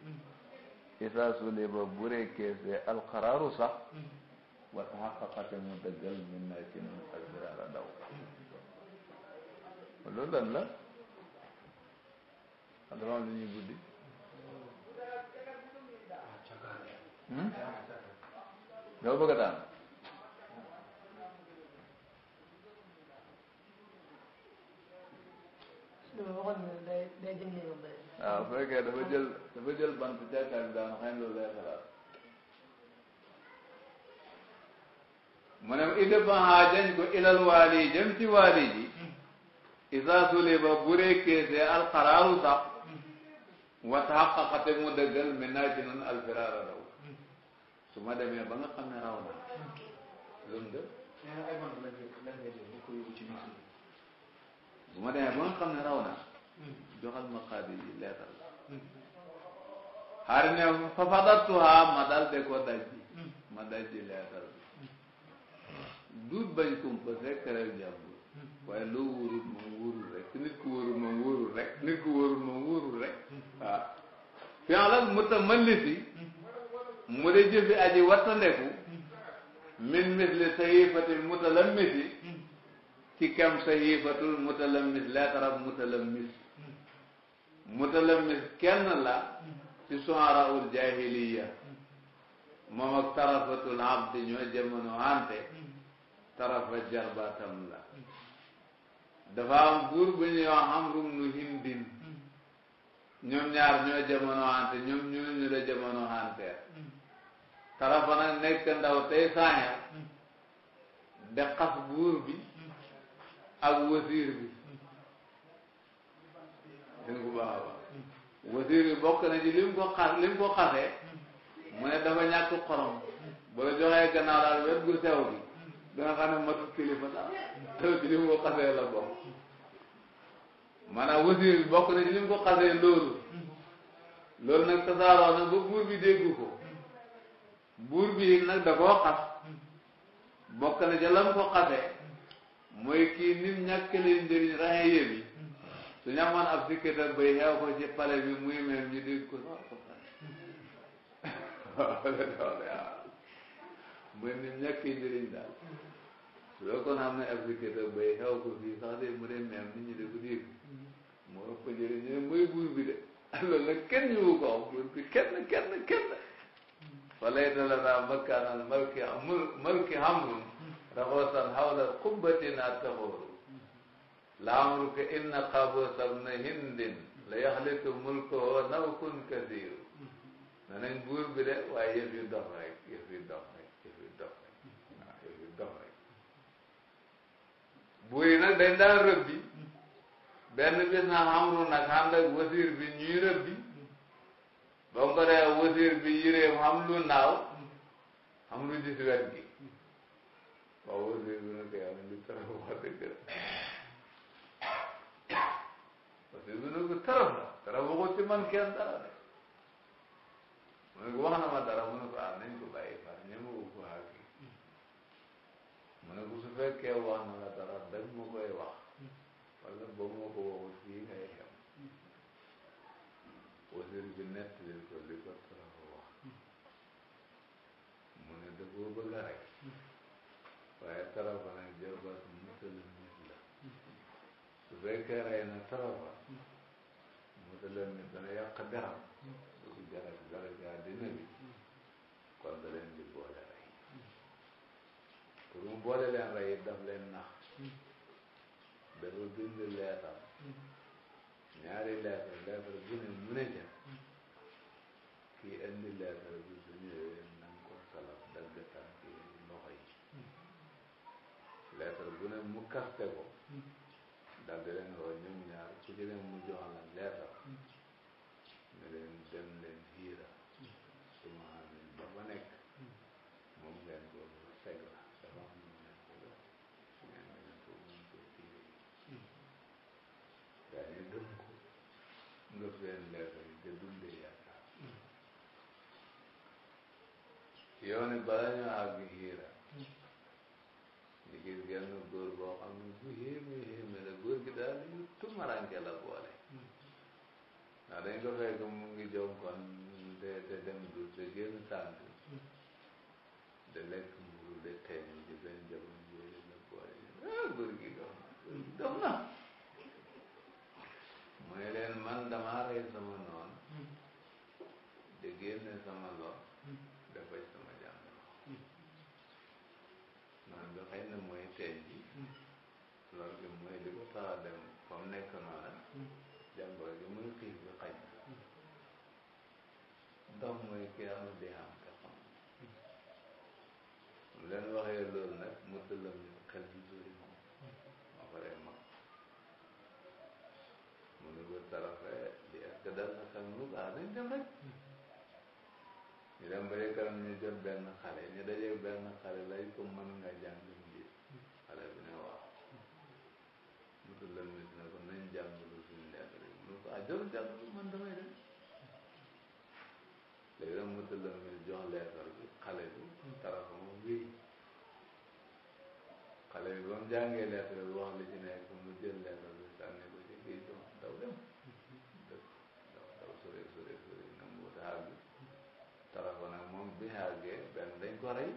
isa suliba bu rekkeesee alqaraaru sax wa taxaqaqate mu dëggal min naa ci nun alfiraara daw loolu lan la xam dafa am lu ñuy guddi hmm? dama bëgg a daan waaw bu fekkee dafa jël bant jàkkaar bi daan xëy loolu lay xalaat mu ne idée ba xaa jañ ko ilal waali jëm ci waali ji isa suliba bu rekkeesee alxaraaru sax wa taxaqaqate mu dëggal mi naa ci noonu alfiraara daw su ma demee ba nga ne raw ma demee ba xam ne raw na joxal ma xaadi yi leetal xaar ne fa fadattuha ma dal ko dajji ma dajji leetal bi duut bañ kumpa sekk rew waaye loo wóorul moom wóorul rek nit ku wóorul moom wóorul rek ku wóorul moom wóorul rek waaw ah. fi'lan mutamallisi mu de jëfi aji wattandeku min misli sahifatil mutalammisi ci kam sahifatul mutalammis leetarab mutalammis mutalammis kenn la ci suaraul jahiliya moom ak tarafatul abdi ñoo jamono ante tarafa jarbaatam la dafa am buur bu ñuy wax Amrum nu Hindin ñoom ñaar ñoo jamono hante ñoom ñu ñu la jamono hante Karafa nag nekk ndaw tey saañal de xas buur bi ak wasiir bi dégg nga baax a wasiir bi bokk na ci lim ko xas lim ko xasee mu ne dafa ñàkk xorom bu la joxee wet gu sew bi bi nga ne matul kilifa ko xasee na ci li mu ko xasee loolu loolu nag tasaaroo na ba buur bi déggu ko buur bi nag da bokk na ca mu ko xasee mooy kii nim ñàkk leen njëriñ raxe yéem yi su ñu amoon ab sikkatal ko ci pale bi muy mel ñu dégg ko sax ko pale muy nim ñàkkee daal loo ko xam ne exécuteur bay xew ko fii sax de mu dee même nit ñi de ko dégg mm-hmm. moo ëpp njëriñ ñu bi de loolu nag kenn ñu ko am buur bi kenn kenn kenn mm-hmm. fa lay dala naa makkaanal malki amul malki amrun mm-hmm. raxoosan xawla qubbatinaa taxooru la amru ka inna qaaboosa bna hindin la yaxliku mulkahu nawkun kasiiru ne nañ buur bi de waaye yëf yu dox rek yëf yu buur yi nag dañ daan rëbbi benn bis na xamru nag ànd ak wasiir bi ñuy rëbbi ba mu ko dee wasiir bi yiréem xam lu naaw xam lu gis wet gi waaw wasiir bi nag yàlla lu taraf wax dëgg la wasiir bi nag taraf la taraf waxul ci man kenn dara de mu ne ko wax na ma dara mu ne ko ah nañ ko bàyyi far ñëmu ne bu su fekkee wax na la dara dëgg ma koy wax wala ba ma ko waxul fii ngay xem wasin bi nettali ko li ko tara ko mu ne da koo bëgg rek waaye tarafa nag jabaat mutala nit la su fekkee rey na tarafa mutala nit dana yàq deram du ko jaral boole leen rek daf leen nax dafa bind leetar ñaari leetar leetar bu ne mu ne ca kii leetar bi su ñëwee na ko salaf dagg tànk loxo yi leetar bu ne mu kaste ko dagg leen ko ñoom ñaar ci ne mu jox la leetar yow ni bala ñu àgg hiira ñu gis genn góor boo xam ne bu yéeme yéeme la góor gi daal di tumaranke la boole ndax dañ ko fekk mu ngi jom kon de de dem du de génn tànk de lekk ah, mburu de teeñ di benn jamono yooyu la boole ah góor gi dox na dox na mu ne leen man damaa rey sama noon de génne sama lor leen waxee loolu nag mu dëllam ñu xel bi jóori moom moo pare mag mu ne ko tarafe li est-ce que mu ne baax nañ dem rek ñu dem ba kanam ñu jot benn xale ñu dajee benn xale lay ko mën nga jàng ngir ne waaw mu dëllam ñu ne ko nañ jàng lu suñu rek mu ne ko ah jël jàng man damay dem léegi nag mu dëllam ñu jox leetar bi xale bi xale bi ba jàngee lettre bi wax li ci nekk mu jël lettre bi sànni ko ci géej gi daw dem dëkk daw daw sori sori sori na mu wut àgg tarafa moom bi àggee benn dañ ko rey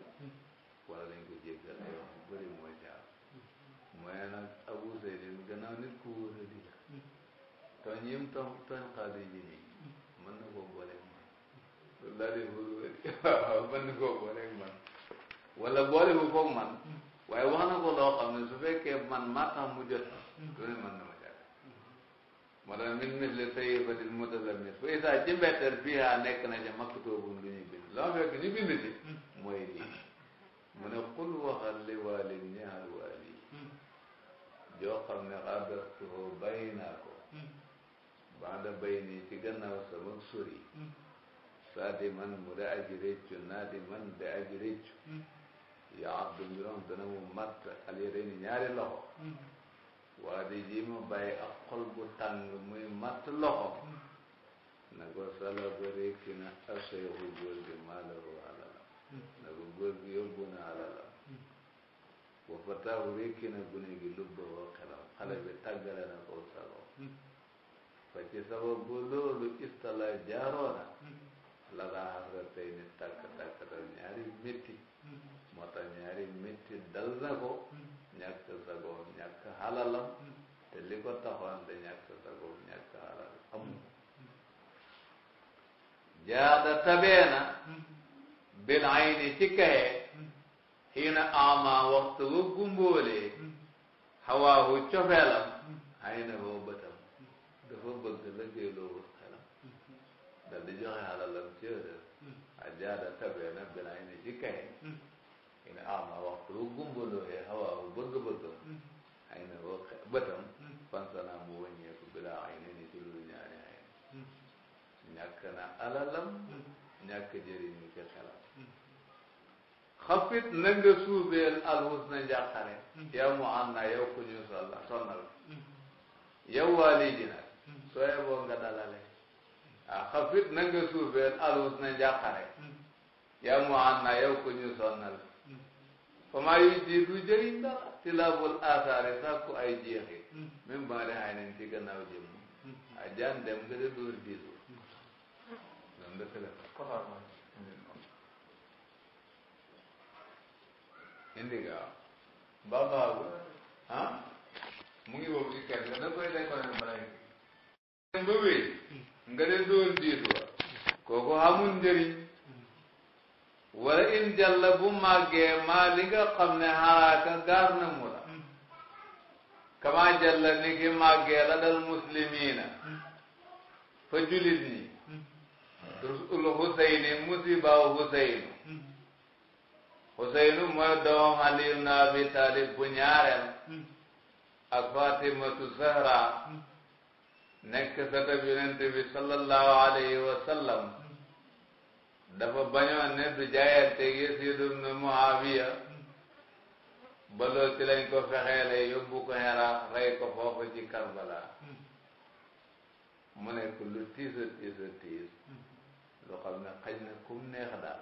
wala dañ ko jéggal ay wax bëri mooy jaar mooy nag Abu Seydin gannaaw nit ku wóor di la tooñ yim tooñ tooñ xaalis ji nii mën na koo booleeg man loolu daal di wóor mën na koo booleeg man wala boole bu foog man waaye wax na ko loo xam ne su fekkee man maa tax mu jot lu ne mën na ma jàpp moo tax min misli sayyifatil mutalammis fa isaa ci mbetteel fiihaa nekk na ca maktubun lu ñuy bind la ma fekk ñu bind ci mooy lii mu ne xul waxal li waalin ñaar waali joo xam ne xadartuhu bàyyi naa ko baada bay nii ci gannaaw sama sori saa di man mu da aji réccu naa di man da aji réccu yaa abdu mbirom dana mu matt alyadayni ñaari loxo waa di ji ma bàyyi ak xol bu tàng muy matt loxo na ko sala bari ki na aseexu góor gi maalahu alala na ko góor gi yóbbu alala wa fataahu rékki na gune gi lubbawoo xelam xale bi tàggale na ko sago fa ci sababu loolu istala jaaroona la daa xasra tey ñaari métti moo tax ñaari métti dal na ko ñàkk sagoom ñàkk xalalam te li ko taxoon te ñàkk sagoom ñàkk xalal jaada tabeena bil ayni ci kaye xiina ama waxtu wa gumboolee xawaahu cofeelam ayna hoo bëtam dafa bëgg lëggéey loo wut xelam dal di joxe xalalam ci a jaada tabeena bil ayni ci ama waxtu wu gumbalooyee hawaahu bëgg-bëggam hmm. ay na woo bëtam hmm. fansanaa mu wëññeeku bilaa ay ne ni ci ñaari ay ñàkk na alalam ñàkk hmm. jëriñu ci xelam xafit na nga suubeel alxus na njàqare yow mu ànd naa yow ku ñu solla sonnal yow waa lii ji nag soo yeboo nga dalale ah xafit na nga suubeel alxus na njàqare yow mu ànd naa yow ku ñu fama yu ji du jëriñ dara tilaabul asaare sàkku ay jeexi même ba de xay nañ ci gannaaw jëm a jaan dem nga de dóor diisu noonu de tële indi gaaw ba baabu ah mu ngi boobu ci kenn nga da koy day kone bala dem ba wéy nga de dóor diisu wala in jàll bu màggee maa li nga xam ne xaraaka gaar na mu la kamaa jàll ni ki màggee la dal muslimiina fa julit ñi ul xusayni musibaaw xusaynu xusaynu mooy doom aliyu na abi taalib bu ñaareel ak fatimatu zahra nekk satab yonente bi sallallahu alayhi wa sallam dafa bañoon ne du jaayante gi Siid ibnu Muawiya baloo ci lañ ko fexee lay yóbbu ko Hira rey ko foofu ci Karbala mu nekk lu tiis a tiis a tiis lu xam ne xaj na kum neex daal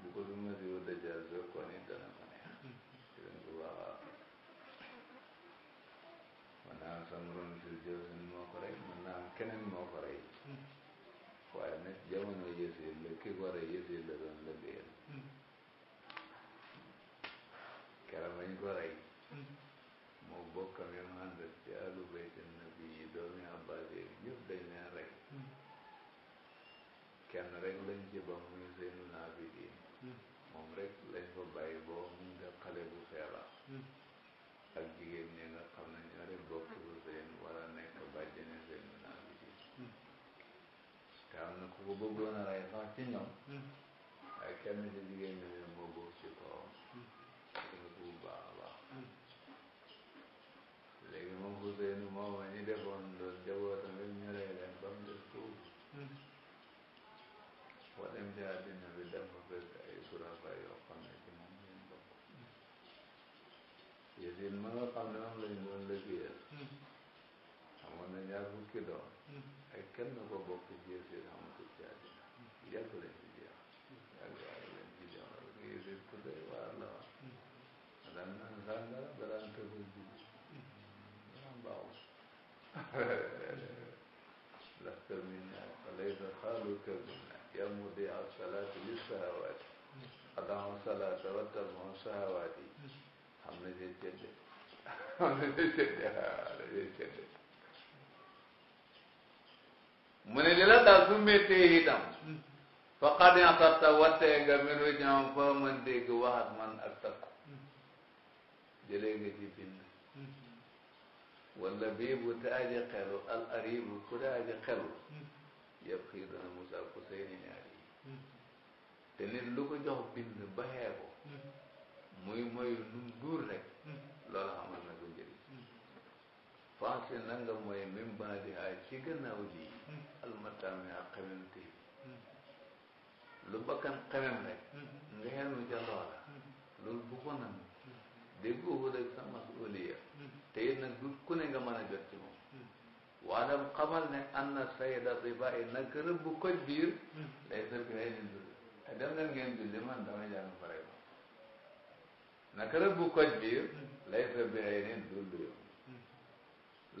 bu ko du ma siwu dajal soo ko ni dana ma neex dinañ ko baaxaa mën naa am samron si moo ko rey mën naa am moo ko rey waaye nag jamono ko bëggoon a rey sax ci ñoom waaye hmm. kenn ci jigéen ñi moo góor ci kawam dina hmm. bu baax a baax hmm. léegi moom Ousseynou moom a ñu defoon loolu jabootam tamit ñu rey leen ba mu des tuub boo dem ci àddina bi dafa fekk ay surafa yoo xam ne ci moom lañ bokk yéen ma nga xam ne moom lañ doon lëggéeyal amoon na ñaar fukki doom ay kenn ko لست منا فليس خالك منا يا مضيع الصلاة للشهوات أضع الصلاة واتبع الشهوات xam na day tëdde xam na day tëdde xaaral day tëdde mu ne li la daal su méttee itam fa xadin sarta wattee nga melu ñoom fa mën dégg wax ak man ak takku jëlee nga ci bind wala biibu te aji xelu al aribu ku de aji xelu yëpp xii musal ku seeni ñaar te nit lu jox bind ba xee muy moyu nun duur rek loolu xamal na ko njëriñ fansi na nga mooy min baadiha ci gannaaw lii almatami a xemem téi lu bakkan xemem rek nga xenu ca loola loolu bu ko nangu déggoo ko rek sa masuliya te it nag du ku ne nga mën a jot ci moom waalam xamal ne an na sayda riba yi nag rëbb koj biir day sër bi ay nin dul ay dem leen ngeen julli man dama jàng pare ma nag rëbb koj biir lay sër bi ay nin dul du yow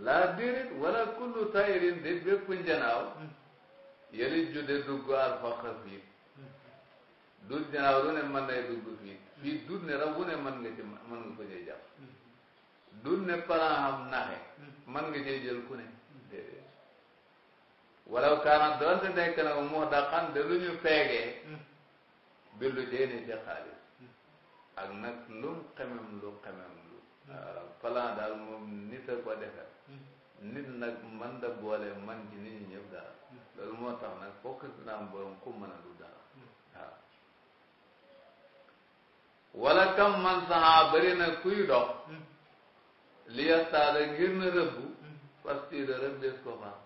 laa dirit wala kullu tayrin di bépp njanaaw yëli jude dugg alfaqa fii dut njanaaw lu ne mën nay dugg fii fii dut ne rab wu ne mën nga ci ko dul ne parent am naxe man nga cee jël ku ne déedéet walaw kaana doonte nekk na mu daqan de lu ñu peegee bi lu ci xaalis ak nag lum xemem lu xemem lu plan daal moom nit a ko defar nit nag man da boole man ci nit ñi ñëpp dara loolu moo tax nag fokk dina am borom ku mën a lu dara kam man saxaa bëri na kuy dox li yastaale ngir na rëbbu parce que dara des ko baax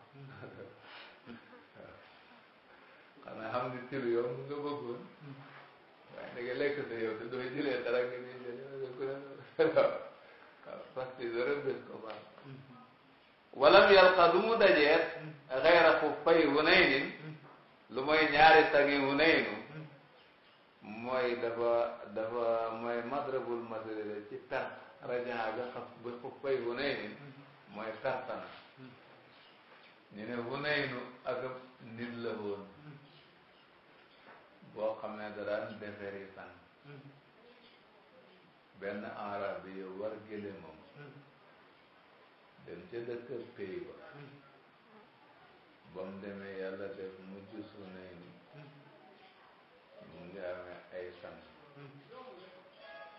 xanaa xam ni ci lu yomb nga bëggoon waaye da nga lekk sa yow te doo jëlee dara nga ñuy jëlee parce que dara des ko baax walam yalqa du mu dajeet xayra fu fay hunaynin lu mooy ñaari tangi hunaynu mooy dafa dafa mooy madrabul masala ci perte rajaa ga xaf ga xuppay Hunaynin mooy tartana ñu ne Hunaynu ak nit la woon boo xam ne da daan deferi fan benn arab bi yow war gële moom dem ca dëkk pay ba ba mu demee yàlla def mujj Hunaynu mu ngi amee ay sang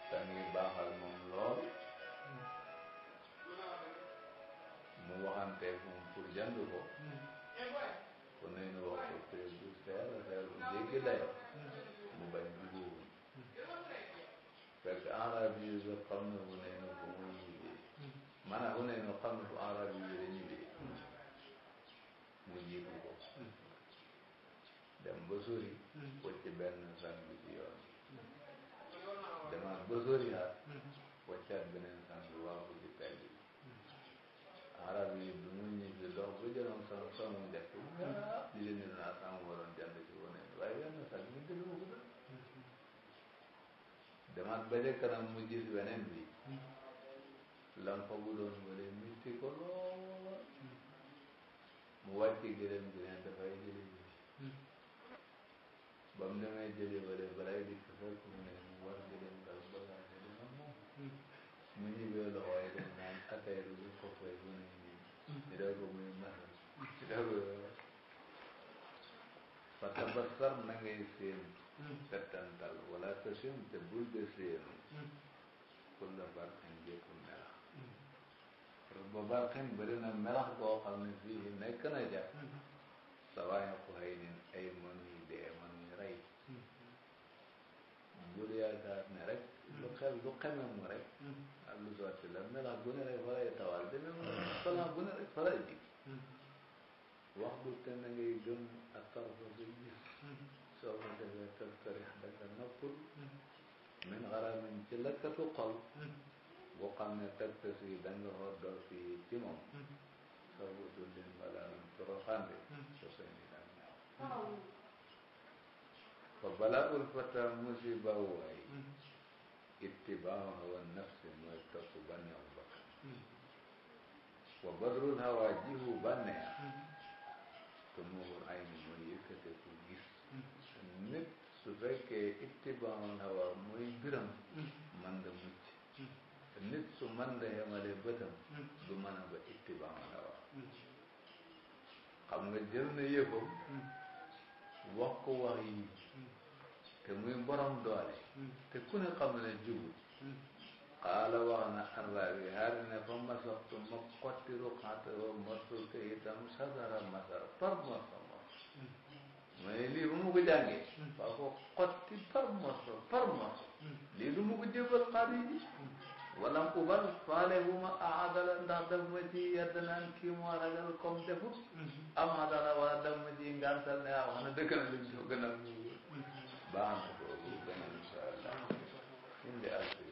sang yi baaxal moom lool waxanteeg moom pour jënd ko kon nañu wax ko prix bu cher cher bu jéggi dayo mu bañ dugub fekk arab yi sax xam na bu nañu ko muy ñibbee maanaam bu nañu xam na bu arab yi la ñibbee mu jiitu ko dem ba sori mm. wacc benn sang bi ci yoon mm. demaat ah, ba ha mu njëkk di leen ñu naa sama waroon jànd ci wane waaye yàlla na sax ñu dëgg ko dëgg demaat ba ca kanam mu gis weneen bi lam faguloon wala mitti ko lool mu wàcc gërëm gi ne dafay jëli ji ba mu demee jëli wala balay di ko fekk mu ne mu war gërëm dal balaa jëli na moom mu ñibbee loxo yi dem naan atay lu ko fay mu ne nii ñu dal ko muy teru fa tabassam na ngay séen te bul de séen kulla barxin jëpp melax rubba barxin bëri na melax boo xam ne fii nekk na ja sawaaya ku hay nin ay mën yi dee mën yi rey bul yaakaar ne rek lu xel lu xeme mu rek ak lu sotti la melax bu ne rek fa lay tawal demee mu ne melax bu ne rek fa lay jig wax gu te na ngay gëm ak tarfa bi gis soo ko defee tëstarix da nga noppul min xaramin ci lëkkatu xol bu xam ne tegtes yi da nga xoddoo fii ci moom soo ko dullin balaaram toroxaande so sëñ bi daan ñaaw fa balaul fata musiba waay ittibaaw hawa nafsi mooy topp bànneexu bakkan wa badrul hawa jihu bànneex te moomu ay ni mooy yëkkate ku gis nit su fekkee ittibaaxul hawa mooy biram man da mucc nit su man da yemale bëtam du mën a ba ittibaaxul hawa xam nga jël na yëppam wax ko wax yi te muy borom doole te ku ne xam ne jubut qaala wax a an raabi haar ne fa masaqtu ma xotti ruqante wa masul te itam sadara masar par moso ma ne lii bu mu ko jàngee faa ko xotti par moso par moso lii lu mu ko jëfal faale bu ma aadala ndax daf ma ci yedd naan kii moo ragal comme defut am adala wala daf ma ci ngantal ne ah wax na dëgg na lim jox gën a baax na ko gën a incha